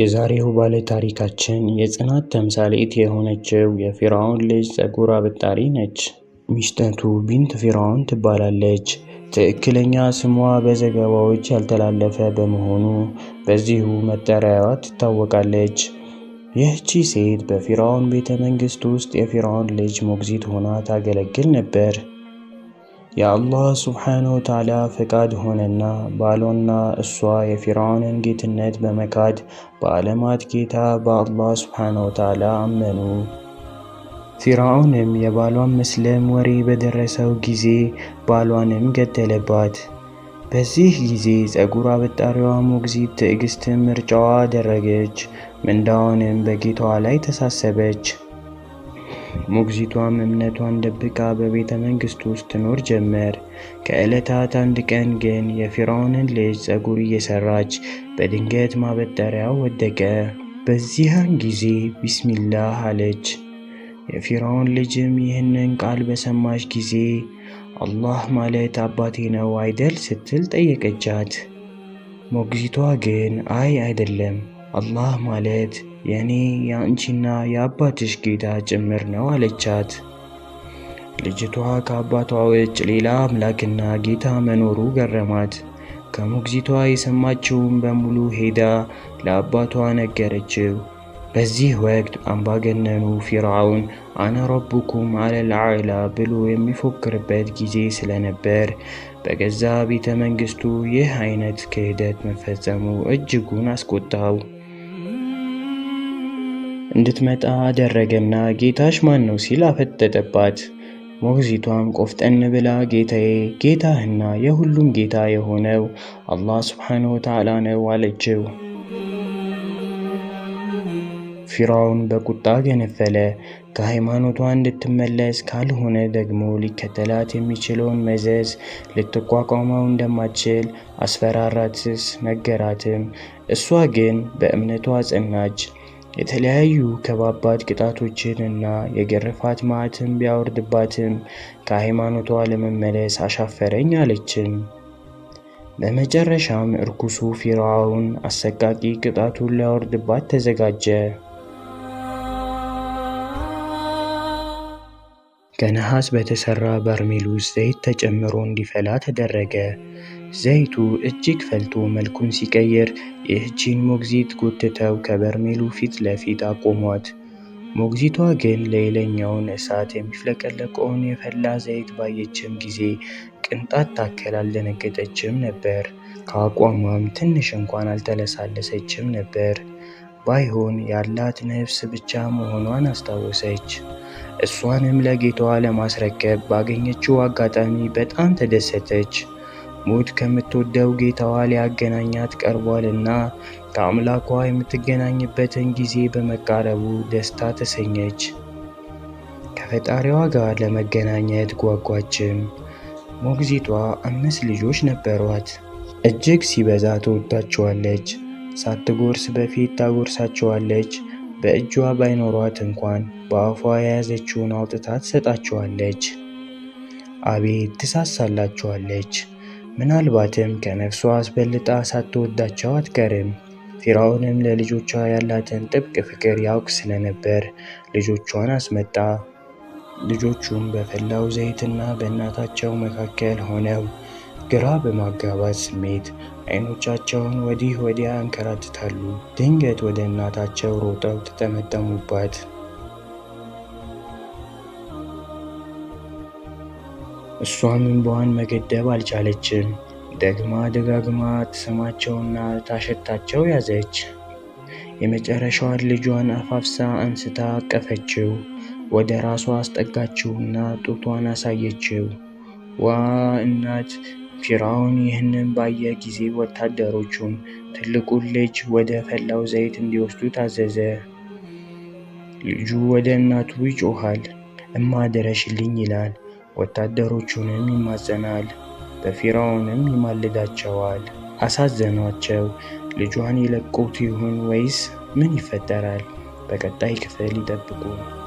የዛሬው ባለታሪካችን የጽናት ተምሳሌት የሆነችው የፊርዓውን ልጅ ፀጉር አበጣሪ ነች። ሚስተቱ ቢንት ፊራውን ትባላለች። ትክክለኛ ስሟ በዘገባዎች ያልተላለፈ በመሆኑ በዚሁ መጠሪያዋ ትታወቃለች። ይህቺ ሴት በፊራውን ቤተ መንግስት ውስጥ የፊራውን ልጅ ሞግዚት ሆና ታገለግል ነበር። የአላህ ሱብሓነሁ ወተዓላ ፈቃድ ሆነና ባሏና እሷ የፊርዓውንን ጌትነት በመካድ በዓለማት ጌታ በአላህ ሱብሓነሁ ወተዓላ አመኑ። ፊርዓውንም የባሏን መስለም ወሬ በደረሰው ጊዜ ባሏንም ገደለባት። በዚህ ጊዜ ፀጉር አበጣሪዋ ሞግዚት ትዕግስትን ምርጫዋ አደረገች፣ ምንዳዋንም በጌታዋ ላይ ተሳሰበች። ሞግዚቷም እምነቷን ደብቃ በቤተ መንግሥት ውስጥ ትኖር ጀመር። ከዕለታት አንድ ቀን ግን የፊራውንን ልጅ ጸጉር እየሰራች በድንገት ማበጠሪያው ወደቀ። በዚያን ጊዜ ቢስሚላህ አለች። የፊርዓውን ልጅም ይህንን ቃል በሰማች ጊዜ አላህ ማለት አባቴ ነው አይደል ስትል ጠየቀቻት። ሞግዚቷ ግን አይ አይደለም፣ አላህ ማለት የእኔ የአንቺና የአባትሽ ጌታ ጭምር ነው አለቻት። ልጅቷ ከአባቷ ውጭ ሌላ አምላክና ጌታ መኖሩ ገረማት። ከሞግዚቷ የሰማችውን በሙሉ ሄዳ ለአባቷ ነገረችው። በዚህ ወቅት አምባገነኑ ፊርዓውን አነ ረቡኩም አለል አዕላ ብሎ የሚፎክርበት ጊዜ ስለነበር በገዛ ቤተ መንግስቱ ይህ አይነት ክህደት መፈጸሙ እጅጉን አስቆጣው። እንድትመጣ አደረገና ጌታሽ ማን ነው ሲል አፈጠጠባት። ሞግዚቷም ቆፍጠን ብላ ጌታዬ ጌታህና የሁሉም ጌታ የሆነው አላህ ስብሓነሁ ወተዓላ ነው አለችው። ፊራውን በቁጣ ገነፈለ። ከሃይማኖቷ እንድትመለስ ካልሆነ ደግሞ ሊከተላት የሚችለውን መዘዝ ልትቋቋመው እንደማትችል አስፈራራትስ ነገራትም። እሷ ግን በእምነቷ ጸናች። የተለያዩ ከባባድ ቅጣቶችን እና የግርፋት ማዕትም ቢያወርድባትም ከሃይማኖቷ ለመመለስ አሻፈረኝ አለችም። በመጨረሻም እርኩሱ ፊርዓውን አሰቃቂ ቅጣቱን ሊያወርድባት ተዘጋጀ። ከነሐስ በተሠራ በርሜል ውስጥ ዘይት ተጨምሮ እንዲፈላ ተደረገ። ዘይቱ እጅግ ፈልቶ መልኩን ሲቀይር የእጅን ሞግዚት ጎትተው ከበርሜሉ ፊት ለፊት አቆሟት። ሞግዚቷ ግን ለሌላኛውን እሳት የሚፍለቀለቀውን የፈላ ዘይት ባየችም ጊዜ ቅንጣት ታከል አልደነገጠችም ነበር። ከአቋሟም ትንሽ እንኳን አልተለሳለሰችም ነበር። ባይሆን ያላት ነፍስ ብቻ መሆኗን አስታወሰች። እሷንም ለጌታዋ ለማስረከብ ባገኘችው አጋጣሚ በጣም ተደሰተች። ሙት ከምትወደው ጌታዋ ሊያገናኛት ቀርቧልና ከአምላኳ የምትገናኝበትን ጊዜ በመቃረቡ ደስታ ተሰኘች። ከፈጣሪዋ ጋር ለመገናኘት ጓጓችም። ሞግዚቷ አምስት ልጆች ነበሯት። እጅግ ሲበዛ ትወዳቸዋለች። ሳትጎርስ በፊት ታጎርሳቸዋለች። በእጇ ባይኖሯት እንኳን በአፏ የያዘችውን አውጥታ ትሰጣቸዋለች። አቤት ትሳሳላቸዋለች። ምናልባትም ከነፍሷ አስበልጣ ሳትወዳቸው አትቀርም። ፊራውንም ለልጆቿ ያላትን ጥብቅ ፍቅር ያውቅ ስለነበር ልጆቿን አስመጣ። ልጆቹም በፈላው ዘይትና በእናታቸው መካከል ሆነው ግራ በማጋባት ስሜት አይኖቻቸውን ወዲህ ወዲያ አንከራትታሉ! ድንገት ወደ እናታቸው ሮጠው ተጠመጠሙባት። እሷም እንባዋን መገደብ አልቻለችም። ደግማ ደጋግማ ትስማቸውና ታሸታቸው ያዘች። የመጨረሻዋን ልጇን አፋፍሳ አንስታ አቀፈችው። ወደ ራሷ አስጠጋችውና ጡቷን አሳየችው። ዋ እናት ፊራውን ይህንን ባየ ጊዜ ወታደሮቹን ትልቁን ልጅ ወደ ፈላው ዘይት እንዲወስዱ ታዘዘ። ልጁ ወደ እናቱ ይጮሃል እማደረሽልኝ ይላል። ወታደሮቹንም ይማጸናል፣ በፊራውንም ይማልዳቸዋል። አሳዘኗቸው። ልጇን ይለቁት ይሁን ወይስ ምን ይፈጠራል? በቀጣይ ክፍል ይጠብቁ።